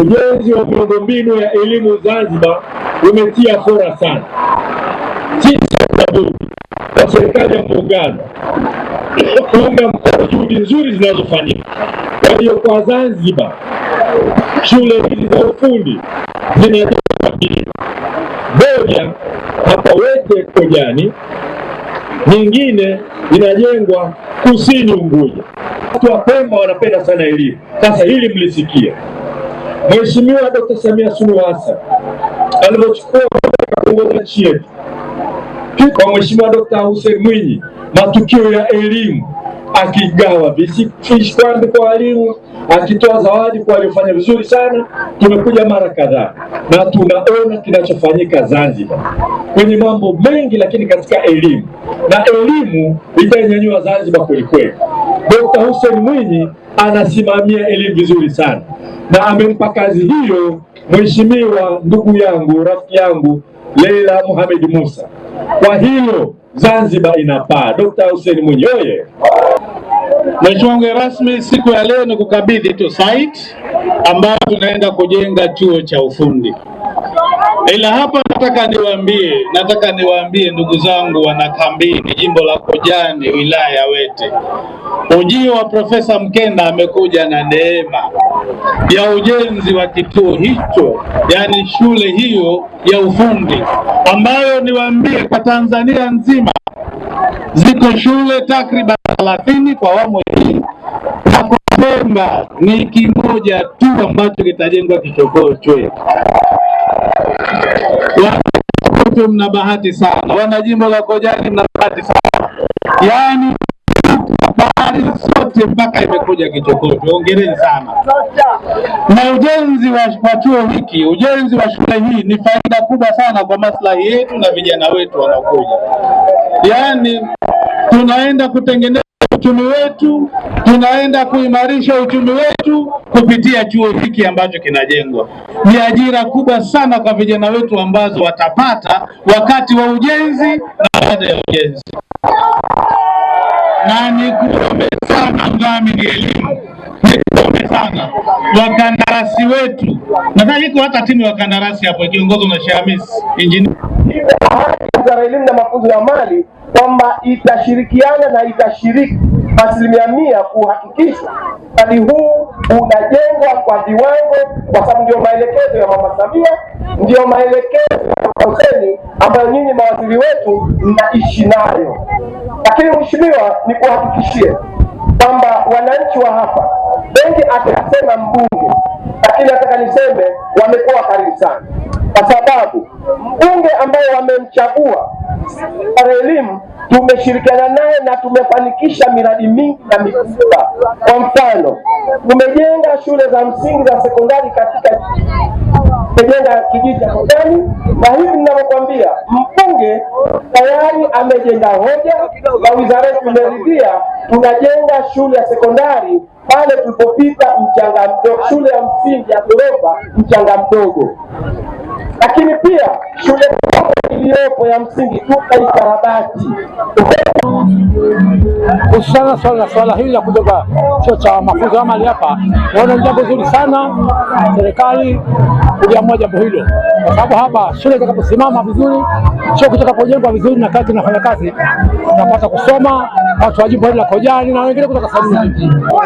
Ujenzi wa miundombinu ya elimu Zanzibar umetia fora sana. Sisi atabudi wa serikali ya muungano kuunga mkono juhudi nzuri zinazofanyika. Kwa kwa Zanzibar shule hizi za ufundi zinajengwa moja hapa Wete Kojani, nyingine inajengwa kusini Unguja. Watu wa Pemba wanapenda sana elimu. Sasa hili mlisikia. Mheshimiwa Dkt. Samia Suluhu Hassan alivyochukua kuongoza nchi yetu kwa Mheshimiwa Dkt. Hussein Mwinyi, matukio ya elimu akigawa vishikwambi kwa walimu, akitoa zawadi kwa waliofanya vizuri sana. Tumekuja mara kadhaa na tunaona kinachofanyika Zanzibar kwenye mambo mengi, lakini katika elimu na elimu itainyanyua Zanzibar kwelikweli. Dkt. Hussein Mwinyi anasimamia elimu vizuri sana, na amempa kazi hiyo mheshimiwa ndugu yangu rafiki yangu Leila Mohamed Musa. Kwa hiyo Zanzibar inapaa. Dkt. Hussein Mwinyi oye! Mheshimiwa mgeni rasmi, siku ya leo ni kukabidhi tu site ambayo tunaenda kujenga chuo cha ufundi. Ila hapa nataka niwaambie, nataka niwaambie ndugu zangu Wanakambini, jimbo la Kojani, wilaya ya Wete, ujio wa Profesa Mkenda amekuja na neema ya ujenzi wa kituo hicho, yaani shule hiyo ya ufundi, ambayo niwaambie kwa Tanzania nzima ziko shule takriban 30 kwa awamu hii na kwa Pemba ni kimoja tu ambacho kitajengwa Kichokochwe wote mna bahati sana, wana jimbo la Kojani mna bahati sana, yaani bahari sote mpaka imekuja Kichokoto. Hongereni sana. Na ujenzi wa chuo hiki, ujenzi wa shule hii ni faida kubwa sana kwa maslahi yetu na vijana wetu wanaokuja, yaani tunaenda kutengeneza uchumi wetu, tunaenda kuimarisha uchumi wetu kupitia chuo hiki ambacho kinajengwa. Ni ajira kubwa sana kwa vijana wetu ambazo watapata wakati wa ujenzi na baada ya ujenzi. Na nikuombe sana mdhamini elimu, nikuombe sana wakandarasi wetu, nadhani iko hata timu ya wakandarasi hapo ikiongozwa na Shamis injinia Wizara ya Elimu na Mafunzo ya Amali kwamba itashirikiana na itashiriki asilimia mia kuhakikisha mradi huu unajengwa kwa viwango, kwa sababu ndio maelekezo ya Mama Samia, ndio maelekezo ya Huseni ambayo nyinyi mawaziri wetu mnaishi nayo. Lakini mheshimiwa, ni kuhakikishie kwamba wananchi wa hapa wengi atasema mbunge, lakini nataka niseme wamekuwa karibu sana, kwa sababu mbunge ambaye wamemchagua elimu tumeshirikiana naye na tumefanikisha miradi mingi na mikubwa. Kwa mfano, tumejenga shule za msingi za sekondari katika tumejenga kijiji cha Kondani, na hivi ninavyokwambia, mbunge tayari amejenga hoja na wizara yetu imeridhia, tunajenga shule ya sekondari pale tulipopita mchanga, shule ya msingi ya kubeba mchanga mdogo. Lakini pia shule iliyopo ya msingi tutaikarabati hususana swala la swala hili la kubeba chuo cha mafunzo ya amali hapa, naona ni jambo zuri sana serikali kuliamua jambo hilo, kwa sababu hapa shule itakaposimama vizuri, chuo kitakapojengwa vizuri na kazi inafanya kazi, tunapata kusoma watuajibu pamoja la Kojani na wengine kutoka Samia.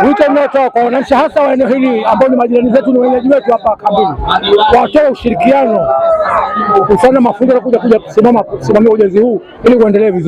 Wito mnaotoa kwa wananchi hasa wa eneo hili ambao ni majirani zetu, ni wenyeji wetu hapa kambini, watoe ushirikiano usana mafundi kuja kusimama kusimamia ujenzi huu ili uendelee vizuri.